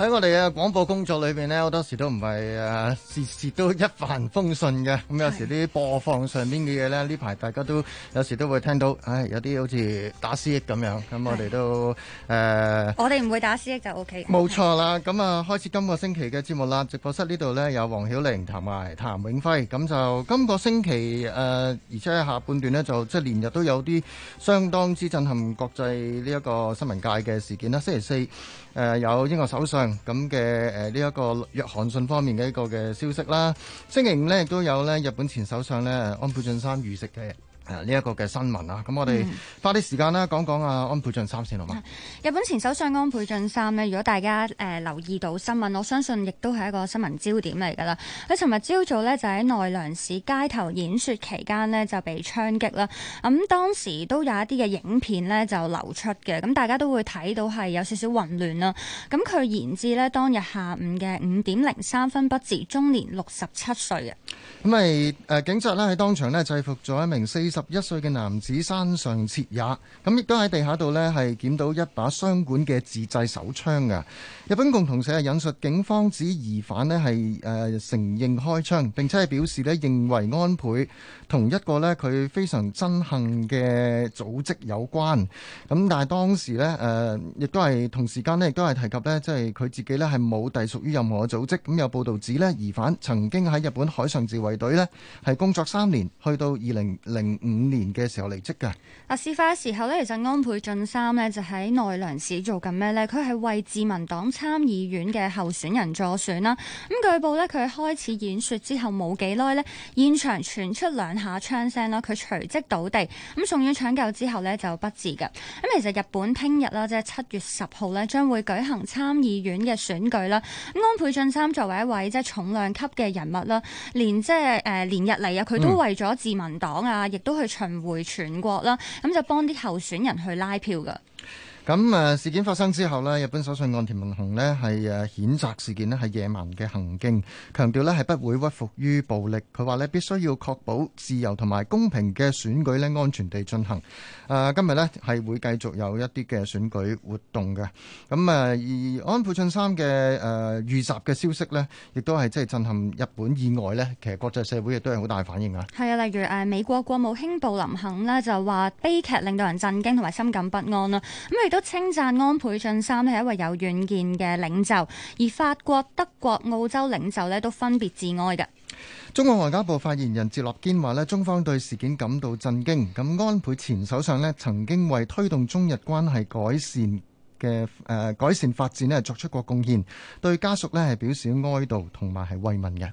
喺我哋嘅廣播工作裏面呢，好多時都唔係誒，事、啊、事都一帆風順嘅。咁、嗯、有時啲播放上面嘅嘢呢，呢排大家都有時都會聽到，唉，有啲好似打私役咁樣。咁我哋都誒，我哋唔、呃、會打私役就 O K。冇錯啦。咁啊，開始今個星期嘅節目啦。直播室呢度呢，有黃曉玲、譚艾、譚永輝。咁就今個星期誒、呃，而且下半段呢，就即係連日都有啲相當之震撼國際呢一個新聞界嘅事件啦。星期四。誒、呃、有英國首相咁嘅誒呢一個約翰遜方面嘅一個嘅消息啦。星期五咧亦都有咧日本前首相咧安倍晉三遇刺嘅。呢、這、一個嘅新聞啦，咁我哋花啲時間啦，講講啊安倍晉三先好嘛？日本前首相安倍晉三呢，如果大家誒、呃、留意到新聞，我相信亦都係一個新聞焦點嚟噶啦。佢尋日朝早呢，就喺奈良市街頭演説期間呢，就被槍擊啦。咁、嗯、當時都有一啲嘅影片呢，就流出嘅，咁、嗯、大家都會睇到係有少少混亂啦。咁佢延至呢，當日下午嘅五點零三分不治，終年六十七歲啊。咁咪誒警察呢，喺當場呢制服咗一名四十十一歲嘅男子山上徹也，咁亦都喺地下度呢，係撿到一把雙管嘅自製手槍嘅。日本共同社引述警方指疑犯呢係誒、承認開槍，並且係表示呢認為安倍同一個呢佢非常憎恨嘅組織有關。咁但係當時呢誒、亦都係同時間呢亦都係提及呢，即係佢自己呢係冇隸屬於任何組織。咁有報道指呢，疑犯曾經喺日本海上自衛隊呢，係工作三年，去到二零零。五年嘅時候離職㗎。啊，事發嘅時候呢，其實安倍晉三呢就喺奈良市做緊咩呢？佢係為自民黨參議院嘅候選人助選啦。咁據報呢，佢開始演説之後冇幾耐呢，現場傳出兩下槍聲啦，佢隨即倒地。咁送院搶救之後呢就不治㗎。咁其實日本聽日啦，即係七月十號呢，將會舉行參議院嘅選舉啦。安倍晉三作為一位即係重量級嘅人物啦，連即係誒連日嚟啊，佢都為咗自民黨啊，亦、嗯、都。都去巡迴全國啦，咁就幫啲候選人去拉票㗎。咁，誒，事件發生之後咧，日本首相岸田文雄咧，係誒，譴責事件咧，係野蠻嘅行徑，強調呢係不會屈服於暴力。佢話呢必須要確保自由同埋公平嘅選舉咧，安全地進行。誒、啊、今日呢係會繼續有一啲嘅選舉活動嘅。咁、啊、誒而安倍晉三嘅誒，遇襲嘅消息呢，亦都係即係震撼日本以外呢。其實國際社會亦都係好大反應嘅。係啊，例如誒、啊、美國國務卿布林肯呢，就話悲劇令到人震驚同埋心感不安啦。咁、嗯都稱讚安倍晉三係一位有遠見嘅領袖，而法國、德國、澳洲領袖呢都分別致哀嘅。中國外交部發言人趙立堅話呢中方對事件感到震驚。咁安倍前首相呢曾經為推動中日關係改善。嘅誒、呃、改善發展咧，作出過貢獻，對家屬咧係表示哀悼同埋係慰問嘅。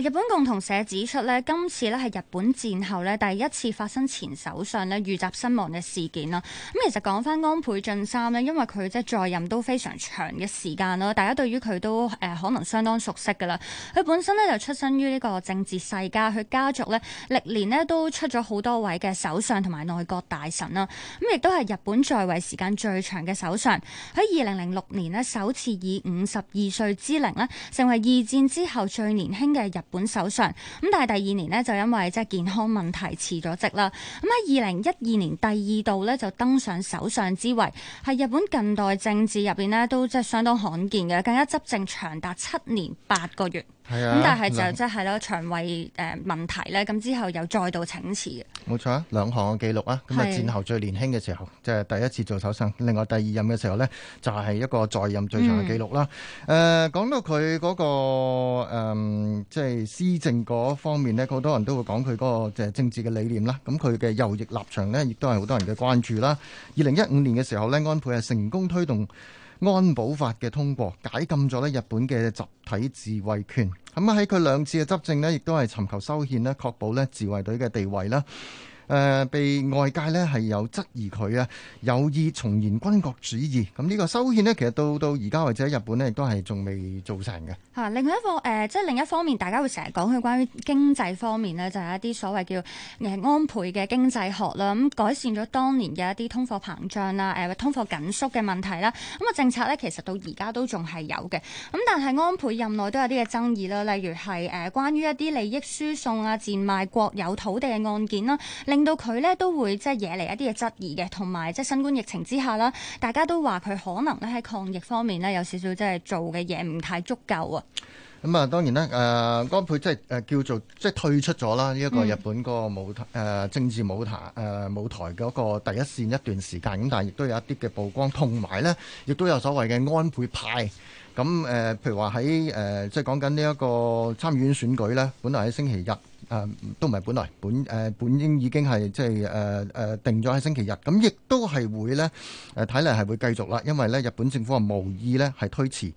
日本共同社指出咧，今次咧係日本戰後咧第一次發生前首相咧遇襲身亡嘅事件啦。咁其實講返安倍晉三咧，因為佢即係在任都非常長嘅時間啦，大家對於佢都誒可能相當熟悉噶啦。佢本身咧就出身於呢個政治世家，佢家族咧歷年咧都出咗好多位嘅首相同埋內閣大臣啦。咁亦都係日本在位時間最長嘅首相。喺二零零六年呢，首次以五十二歲之齡呢，成為二戰之後最年輕嘅日本首相。咁但係第二年呢，就因為即係健康問題辭咗職啦。咁喺二零一二年第二度呢就登上首相之位，喺日本近代政治入邊呢都即係相當罕見嘅，更加執政長達七年八個月。咁、啊、但係就即係咯腸胃誒問題咧，咁、嗯、之後又再度請辭，冇錯啊，兩項嘅記錄啊，咁啊戰後最年輕嘅時候，即係、就是、第一次做首相，另外第二任嘅時候咧，就係、是、一個在任最長嘅記錄啦。誒、嗯，講、呃、到佢嗰、那個即係施政嗰方面咧，好多人都會講佢嗰個即係政治嘅理念啦。咁佢嘅右翼立場咧，亦都係好多人嘅關注啦。二零一五年嘅時候咧，安倍係成功推動。安保法嘅通過，解禁咗咧日本嘅集體自衛權。咁啊喺佢兩次嘅執政咧，亦都係尋求修憲咧，確保咧自衛隊嘅地位啦。誒、呃、被外界咧係有質疑佢啊有意重現軍國主義，咁呢個修憲呢，其實到到而家或者喺日本呢，亦都係仲未做成嘅。嚇、啊，另外一個誒、呃，即係另一方面，大家會成日講佢關於經濟方面呢，就係、是、一啲所謂叫誒安倍嘅經濟學啦，咁、啊、改善咗當年嘅一啲通貨膨脹啦、誒、啊啊、通貨緊縮嘅問題啦，咁啊政策呢，其實到而家都仲係有嘅。咁、啊、但係安倍任內都有啲嘅爭議啦、啊，例如係誒、啊、關於一啲利益輸送啊、賤賣國有土地嘅案件啦。啊令到佢咧都會即係惹嚟一啲嘅質疑嘅，同埋即係新冠疫情之下啦，大家都話佢可能咧喺抗疫方面呢有少少即係做嘅嘢唔太足夠啊。咁啊，當然啦，誒、呃、安倍即係誒叫做即係退出咗啦，呢一個日本嗰個舞台誒、嗯呃、政治舞台誒舞台嗰個第一線一段時間咁，但係亦都有一啲嘅曝光，同埋呢亦都有所謂嘅安倍派咁誒、呃，譬如話喺誒即係講緊呢一個參院選舉呢，本來喺星期日。誒、呃、都唔係本來本誒、呃、本應已經係即係誒誒定咗喺星期日，咁亦都係會咧誒睇嚟係會繼續啦，因為咧日本政府話無意咧係推遲。咁、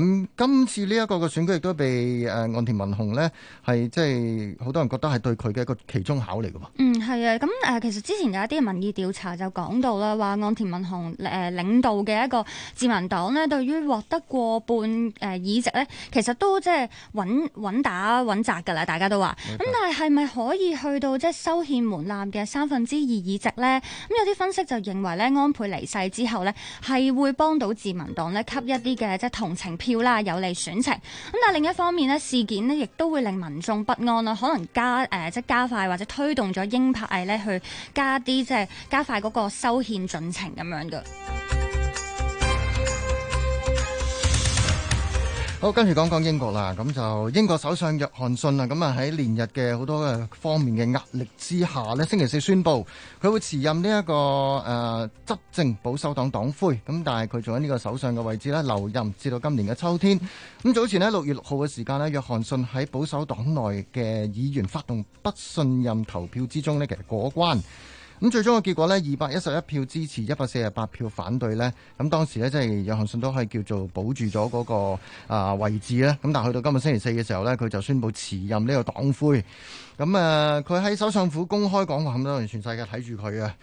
嗯、今次呢一個嘅選舉亦都被誒岸田文雄呢，係即係好多人覺得係對佢嘅一個期中考嚟嘅嘛。嗯，係啊，咁誒、呃、其實之前有一啲民意調查就講到啦，話岸田文雄誒、呃、領導嘅一個自民黨呢，對於獲得過半誒、呃、議席呢，其實都即係穩穩打穩紮㗎啦，大家都話。但係，係咪可以去到即係修憲門檻嘅三分之二議席呢？咁有啲分析就認為咧，安倍離世之後呢，係會幫到自民黨呢，吸一啲嘅即係同情票啦，有利選情。咁但係另一方面呢，事件呢亦都會令民眾不安啦，可能加誒、呃、即係加快或者推動咗鷹派呢去加啲即係加快嗰個修憲進程咁樣嘅。好，跟住講講英國啦，咁就英國首相約翰遜啊，咁啊喺連日嘅好多嘅方面嘅壓力之下呢，星期四宣布佢會辭任呢、這、一個誒執、呃、政保守黨黨魁，咁但係佢仲喺呢個首相嘅位置呢留任，至到今年嘅秋天。咁早前呢，六月六號嘅時間呢，約翰遜喺保守黨內嘅議員發動不信任投票之中呢，其實過關。咁最終嘅結果呢，二百一十一票支持，一百四十八票反對呢。咁當時呢，即係約翰遜都係叫做保住咗嗰個啊位置呢。咁但係去到今日星期四嘅時候呢，佢就宣布辭任呢個黨魁。咁啊，佢喺首相府公開講話，咁多人全世界睇住佢啊！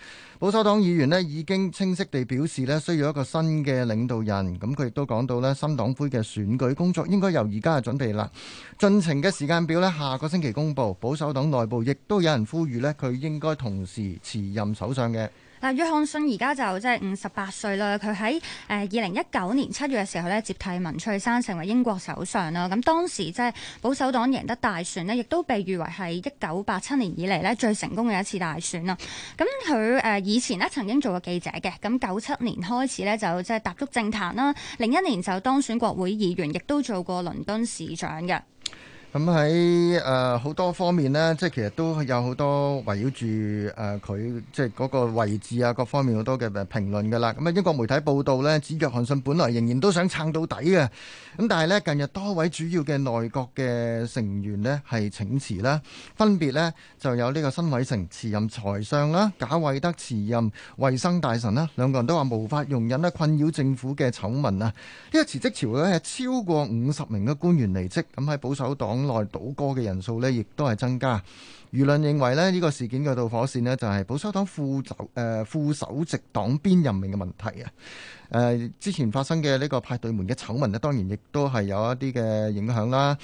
保守黨議員已經清晰地表示需要一個新嘅領導人，咁佢亦都講到新黨魁嘅選舉工作應該由而家就準備啦，進程嘅時間表下個星期公佈。保守黨內部亦都有人呼籲呢佢應該同時辭任首相嘅。嗱，約翰遜而家就即係五十八歲啦。佢喺誒二零一九年七月嘅時候咧，接替文翠珊成為英國首相啦。咁當時即係保守黨贏得大選呢，亦都被譽為係一九八七年以嚟咧最成功嘅一次大選啦。咁佢誒以前呢曾經做過記者嘅，咁九七年開始咧就即係踏足政壇啦。零一年就當選國會議員，亦都做過倫敦市長嘅。咁喺誒好多方面呢，即係其實都有好多圍繞住誒佢即係嗰個位置啊，各方面好多嘅評論噶啦。咁啊，英國媒體報道呢，指約翰遜本來仍然都想撐到底嘅，咁但係呢近日多位主要嘅內閣嘅成員呢，係請辭啦，分別呢就有呢個新偉成辭任財相啦，賈偉德辭任衛生大臣啦，兩個人都話無法容忍咧困擾政府嘅醜聞啊！呢、這個辭職潮呢，係超過五十名嘅官員離職，咁喺保守黨內倒戈嘅人數呢，亦都係增加。輿論認為咧，呢、這個事件嘅導火線呢，就係、是、保守黨副首誒、呃、副首席黨鞭任命嘅問題啊！誒、呃，之前發生嘅呢個派對門嘅醜聞呢，當然亦都係有一啲嘅影響啦。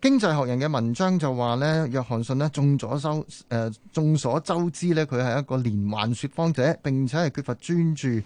經濟學人嘅文章就話呢，約翰遜呢，眾所周知誒，眾所周知佢係一個連環說謊者，並且係缺乏專注誒、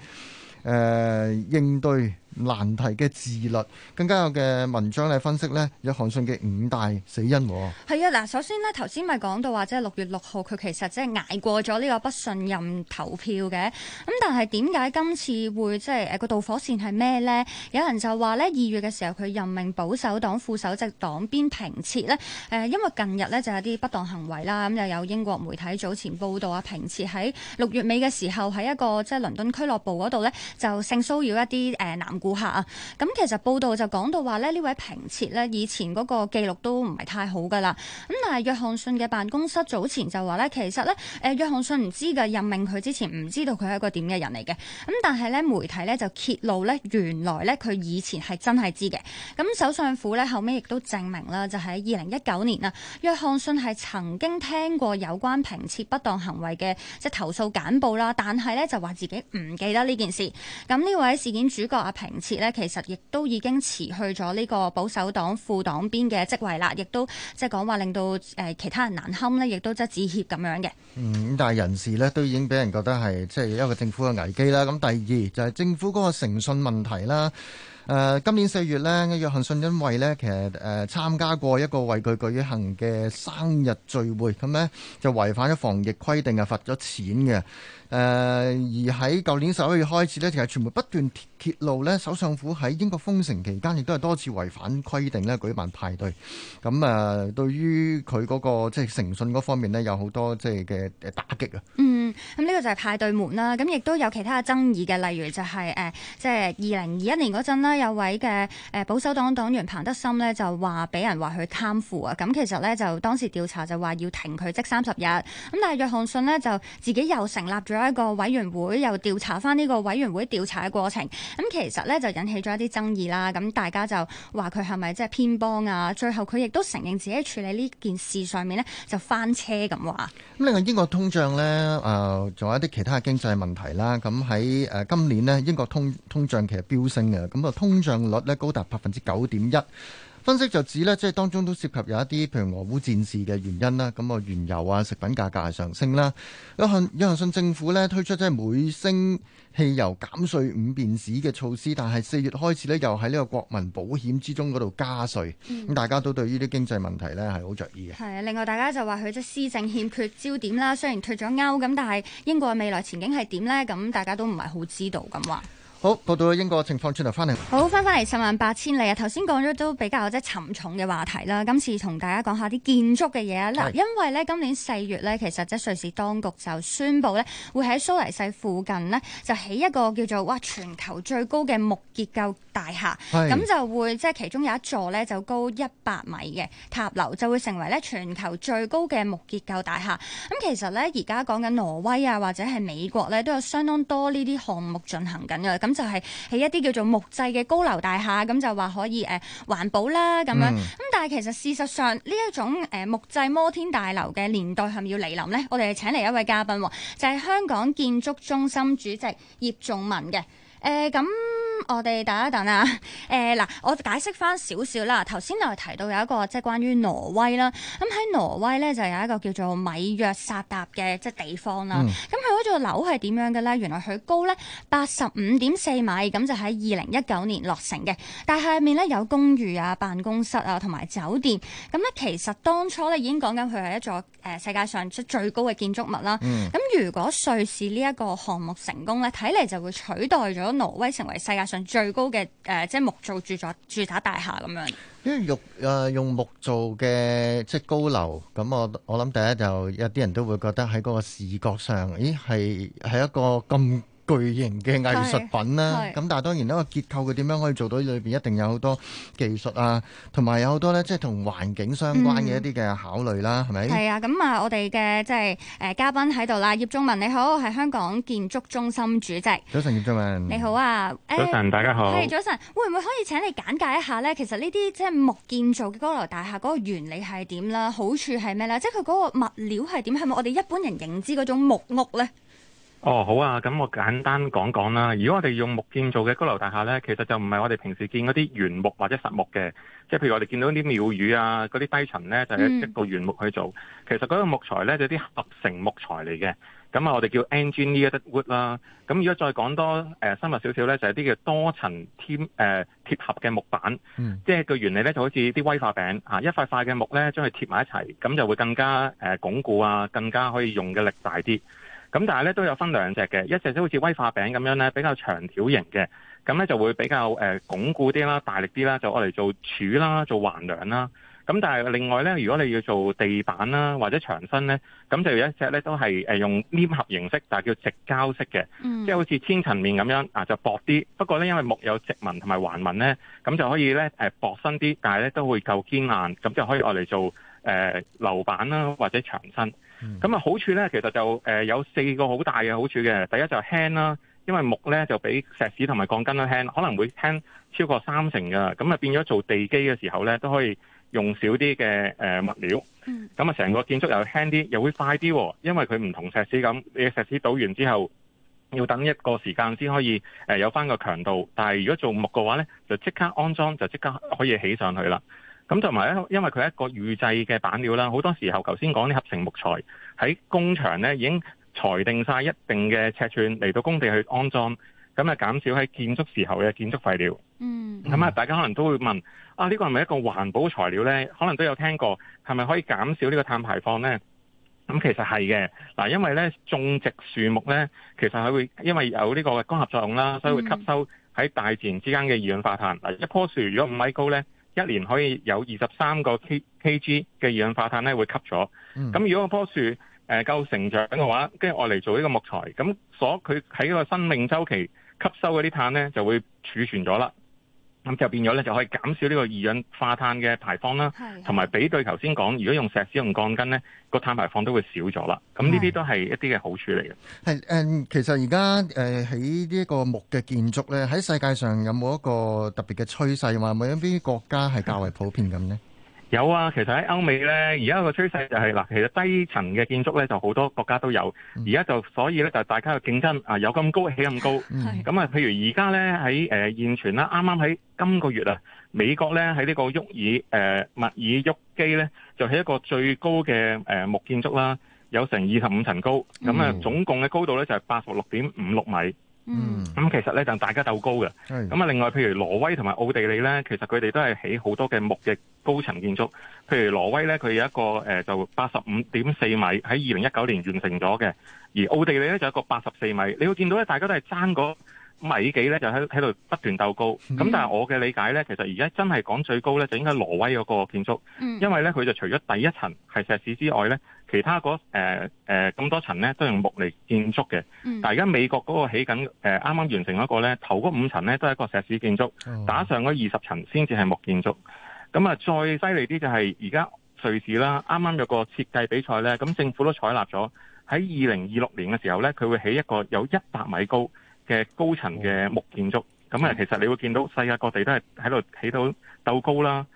呃、應對。難題嘅自律，更加有嘅文章咧分析呢。約翰遜嘅五大死因。係啊，嗱，首先呢，頭先咪講到話即係六月六號佢其實即係捱過咗呢個不信任投票嘅，咁但係點解今次會即係誒個導火線係咩呢？有人就話呢，二月嘅時候佢任命保守黨副首席黨鞭平切呢，誒，因為近日呢就有啲不當行為啦，咁又有英國媒體早前報道啊，平切喺六月尾嘅時候喺一個即係、就是、倫敦俱樂部嗰度呢，就性騷擾一啲誒、呃、男顧客啊，咁其實報道就講到話咧，呢位平切咧以前嗰個記錄都唔係太好噶啦。咁但係約翰遜嘅辦公室早前就話呢，其實咧，誒約翰遜唔知嘅任命佢之前唔知道佢係一個點嘅人嚟嘅。咁但係呢媒體呢就揭露呢，原來呢佢以前係真係知嘅。咁首相府呢後尾亦都證明啦，就喺二零一九年啊，約翰遜係曾經聽過有關平切不當行為嘅即係投訴簡報啦，但係呢就話自己唔記得呢件事。咁呢位事件主角阿平。其實亦都已經辭去咗呢個保守黨副黨鞭嘅職位啦，亦都即係講話令到誒其他人難堪呢，亦都即係致歉咁樣嘅。嗯，但係人事呢，都已經俾人覺得係即係一個政府嘅危機啦。咁第二就係政府嗰個誠信問題啦。誒、呃、今年四月咧，約翰遜因為咧，其實誒、呃、參加過一個為佢舉行嘅生日聚會，咁咧就違反咗防疫規定啊，罰咗錢嘅。誒、呃、而喺舊年十一月開始咧，其實全部不斷揭露咧，首相府喺英國封城期間亦都係多次違反規定咧舉辦派對。咁啊、呃，對於佢嗰、那個即係、就是、誠信嗰方面咧，有好多即係嘅打擊啊。嗯，咁呢個就係派對門啦。咁亦都有其他嘅爭議嘅，例如就係、是、誒，即係二零二一年嗰陣有位嘅誒保守黨黨員彭德森呢，就話俾人話佢貪腐啊，咁其實呢，就當時調查就話要停佢職三十日，咁但係約翰遜呢，就自己又成立咗一個委員會，又調查翻呢個委員會調查嘅過程，咁其實呢，就引起咗一啲爭議啦，咁大家就話佢係咪即係偏幫啊？最後佢亦都承認自己處理呢件事上面呢，就翻車咁話。咁另外英國通脹呢，誒仲有一啲其他嘅經濟問題啦，咁喺誒今年呢，英國通通脹其實飆升嘅，咁個。通脹率咧高達百分之九點一，分析就指咧即係當中都涉及有一啲譬如俄烏戰事嘅原因啦，咁啊原油啊食品價格上升啦。約翰約翰遜政府咧推出即係每升汽油減稅五便士嘅措施，但係四月開始咧又喺呢個國民保險之中嗰度加稅，咁、嗯、大家都對呢啲經濟問題咧係好着意嘅。係另外大家就話佢即施政欠缺焦，焦點啦，雖然退咗歐咁，但係英國嘅未來前景係點呢？咁大家都唔係好知道咁話。好，報道英國情況轉頭翻嚟。好，翻翻嚟十萬八千里啊！頭先講咗都比較即係沉重嘅話題啦，今次同大家講下啲建築嘅嘢。嗱，因為咧今年四月咧，其實即瑞士當局就宣布咧，會喺蘇黎世附近呢，就起一個叫做哇全球最高嘅木結構大廈。咁就會即係其中有一座咧就高一百米嘅塔樓，就會成為咧全球最高嘅木結構大廈。咁其實咧而家講緊挪威啊或者係美國咧都有相當多呢啲項目進行緊嘅咁。就係、是、起一啲叫做木製嘅高樓大廈，咁就話可以誒環、呃、保啦，咁樣咁、嗯，但係其實事實上呢一種誒木製摩天大樓嘅年代係咪要嚟臨呢？我哋請嚟一位嘉賓，就係、是、香港建築中心主席葉頌文嘅誒咁。呃嗯、我哋等一等啊，誒、欸、嗱，我解釋翻少少啦。頭先我提到有一個即係關於挪威啦，咁喺挪威咧就有一個叫做米約薩達嘅即係地方啦。咁佢嗰座樓係點樣嘅咧？原來佢高咧八十五點四米，咁就喺二零一九年落成嘅。但係入面咧有公寓啊、辦公室啊同埋酒店。咁咧其實當初咧已經講緊佢係一座誒世界上即最高嘅建築物啦。咁、嗯、如果瑞士呢一個項目成功咧，睇嚟就會取代咗挪威成為世界，最高嘅誒、呃，即係木造住宅、住宅大廈，咁樣。因為用誒、呃、用木造嘅即係高樓。咁我我諗第一就有啲人都會覺得喺嗰個視覺上，咦係係一個咁。巨型嘅藝術品啦，咁但係當然呢個結構佢點樣可以做到裡面，裏邊一定有好多技術啊，同埋有好多呢即係同環境相關嘅一啲嘅考慮啦，係、嗯、咪？係啊，咁啊，我哋嘅即係誒嘉賓喺度啦，葉頌文你好，係香港建築中心主席。早晨，葉頌文。你好啊，早晨，大家好。係、欸、早晨，會唔會可以請你簡介一下呢？其實呢啲即係木建造嘅高樓大廈嗰個原理係點啦？好處係咩呢？即係佢嗰個物料係點？係咪我哋一般人認知嗰種木屋呢？哦，好啊，咁我簡單講講啦。如果我哋用木建造嘅高樓大廈呢，其實就唔係我哋平時見嗰啲原木或者實木嘅，即係譬如我哋見到啲廟宇啊，嗰啲低層呢，就係一個原木去做。嗯。其實嗰個木材呢，就啲、係、合成木材嚟嘅。咁啊，我哋叫 engineered 呢一隻 wood 啦。咁如果再講多誒深入少少咧，就係、是、啲叫多層貼誒貼合嘅木板。嗯，即係個原理咧，就好似啲威化餅啊一塊塊嘅木咧，將佢貼埋一齊，咁就會更加誒、呃、鞏固啊，更加可以用嘅力大啲。咁但係咧都有分兩隻嘅，一隻就好似威化餅咁樣咧，比較長條型嘅，咁咧就會比較誒、呃、鞏固啲啦，大力啲啦，就攞嚟做柱啦，做橫梁啦。咁但係另外咧，如果你要做地板啦、啊、或者牆身咧，咁就有一隻咧都係用黏合形式，但係叫直膠式嘅、嗯，即係好似千層面咁樣啊，就薄啲。不過咧，因為木有直紋同埋橫紋咧，咁就可以咧薄身啲，但係咧都會夠堅硬，咁就可以愛嚟做誒樓、呃、板啦、啊、或者牆身。咁、嗯、啊，好處咧其實就誒、呃、有四個好大嘅好處嘅。第一就輕啦，因為木咧就比石屎同埋鋼筋都輕，可能會輕超過三成㗎。咁啊變咗做地基嘅時候咧都可以。用少啲嘅誒物料，咁啊成個建築又輕啲，又會快啲，因為佢唔同石屎咁，你石屎倒完之後要等一個時間先可以誒有翻個強度，但係如果做木嘅話呢，就即刻安裝就即刻可以起上去啦。咁同埋咧，因為佢係一個預製嘅板料啦，好多時候頭先講啲合成木材喺工場呢已經裁定曬一定嘅尺寸嚟到工地去安裝。咁啊，減少喺建築時候嘅建築廢料。嗯。咁啊，大家可能都會問啊，呢個係咪一個環保材料呢？可能都有聽過，係咪可以減少呢個碳排放呢？咁、嗯、其實係嘅。嗱、啊，因為呢種植樹木呢，其實佢會因為有呢個光合作用啦，所以會吸收喺大自然之間嘅二氧化碳。嗱、嗯，一棵樹如果五米高呢，一年可以有二十三個 KG 嘅二氧化碳呢會吸咗。咁、嗯、如果嗰棵樹誒、呃、夠成長嘅話，跟住愛嚟做呢個木材，咁所佢喺個生命週期。吸收嗰啲碳咧，就會儲存咗啦。咁就變咗咧，就可以減少呢個二氧化碳嘅排放啦。同埋，比對頭先講，如果用石屎、用鋼筋咧，個碳排放都會少咗啦。咁呢啲都係一啲嘅好處嚟嘅。係。其實而家喺呢個木嘅建築咧，喺世界上有冇一個特別嘅趨勢，話冇一啲國家係較為普遍咁呢？有啊，其實喺歐美咧，而家個趨勢就係嗱，其實低層嘅建築咧就好多國家都有，而家就所以咧就大家嘅競爭啊，有咁高起咁高，咁啊，譬如而家咧喺誒現存啦，啱啱喺今個月啊，美國咧喺呢個沃爾誒密爾沃基咧，就起一個最高嘅誒木建築啦，有成二十五層高，咁啊總共嘅高度咧就係八十六點五六米。嗯，咁其實咧就大家鬥高嘅，咁、嗯、啊、嗯嗯嗯，另外譬如挪威同埋奧地利咧，其實佢哋都係起好多嘅木嘅高層建築，譬如挪威咧，佢有一個誒、呃、就八十五點四米喺二零一九年完成咗嘅，而奧地利咧就一個八十四米，你會見到咧大家都係爭嗰，米幾咧就喺喺度不斷鬥高咁，mm -hmm. 但係我嘅理解咧，其實而家真係講最高咧，就應該挪威嗰個建築，mm -hmm. 因為咧佢就除咗第一層係石屎之外咧，其他嗰誒咁多層咧都用木嚟建築嘅。Mm -hmm. 但係而家美國嗰個起緊誒，啱、呃、啱完成個呢呢一個咧，頭嗰五層咧都係個石屎建築，mm -hmm. 打上嗰二十層先至係木建築。咁啊，再犀利啲就係而家瑞士啦，啱啱有個設計比賽咧，咁政府都採納咗喺二零二六年嘅時候咧，佢會起一個有一百米高，嘅高層嘅木建築，咁、嗯、啊，其實你會見到世界各地都係喺度起到鬥高啦。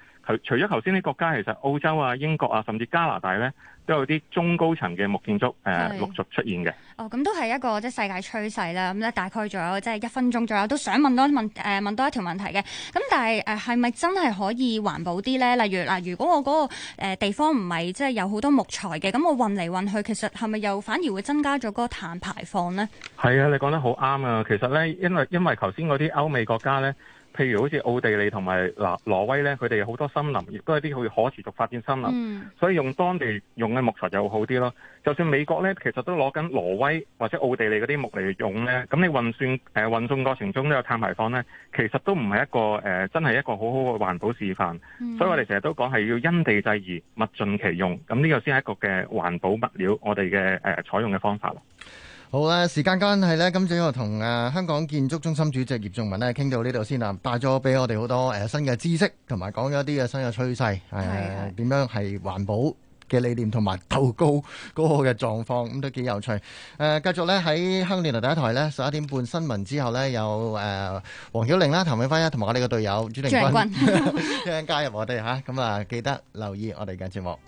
除咗頭先啲國家，其實澳洲啊、英國啊，甚至加拿大咧，都有啲中高層嘅木建築，誒、呃、陸續出現嘅。哦，咁都係一個即係、就是、世界趨勢啦。咁咧大概仲有即係、就是、一分鐘左右，都想問多問誒問多一條問題嘅。咁但係係咪真係可以環保啲咧？例如嗱，如果我嗰個地方唔係即係有好多木材嘅，咁我運嚟運去，其實係咪又反而會增加咗個個碳排放咧？係啊，你講得好啱啊！其實咧，因為因為頭先嗰啲歐美國家咧。譬如好似奧地利同埋挪挪威咧，佢哋有好多森林，亦都係啲可以可持續發展森林，嗯、所以用當地用嘅木材就好啲咯。就算美國咧，其實都攞緊挪威或者奧地利嗰啲木嚟用咧，咁你運算誒、呃、運送過程中都有碳排放咧，其實都唔係一個、呃、真係一個好好嘅環保示範。嗯、所以我哋成日都講係要因地制宜，物盡其用，咁呢個先係一個嘅環保物料我哋嘅、呃、採用嘅方法。好啦，時間關係呢。今朝我同誒香港建築中心主席葉頌文咧傾到呢度先啦，帶咗俾我哋好多誒、呃、新嘅知識，同埋講咗一啲嘅新嘅趨勢，係、呃、點樣係環保嘅理念，同埋鬥高嗰個嘅狀況，咁都幾有趣。誒、呃，繼續咧喺香港電台第一台呢，十一點半新聞之後呢，有誒黃曉玲啦、譚永輝啦，同埋我哋嘅隊友朱定君，歡迎加入我哋吓，咁啊記得留意我哋嘅節目。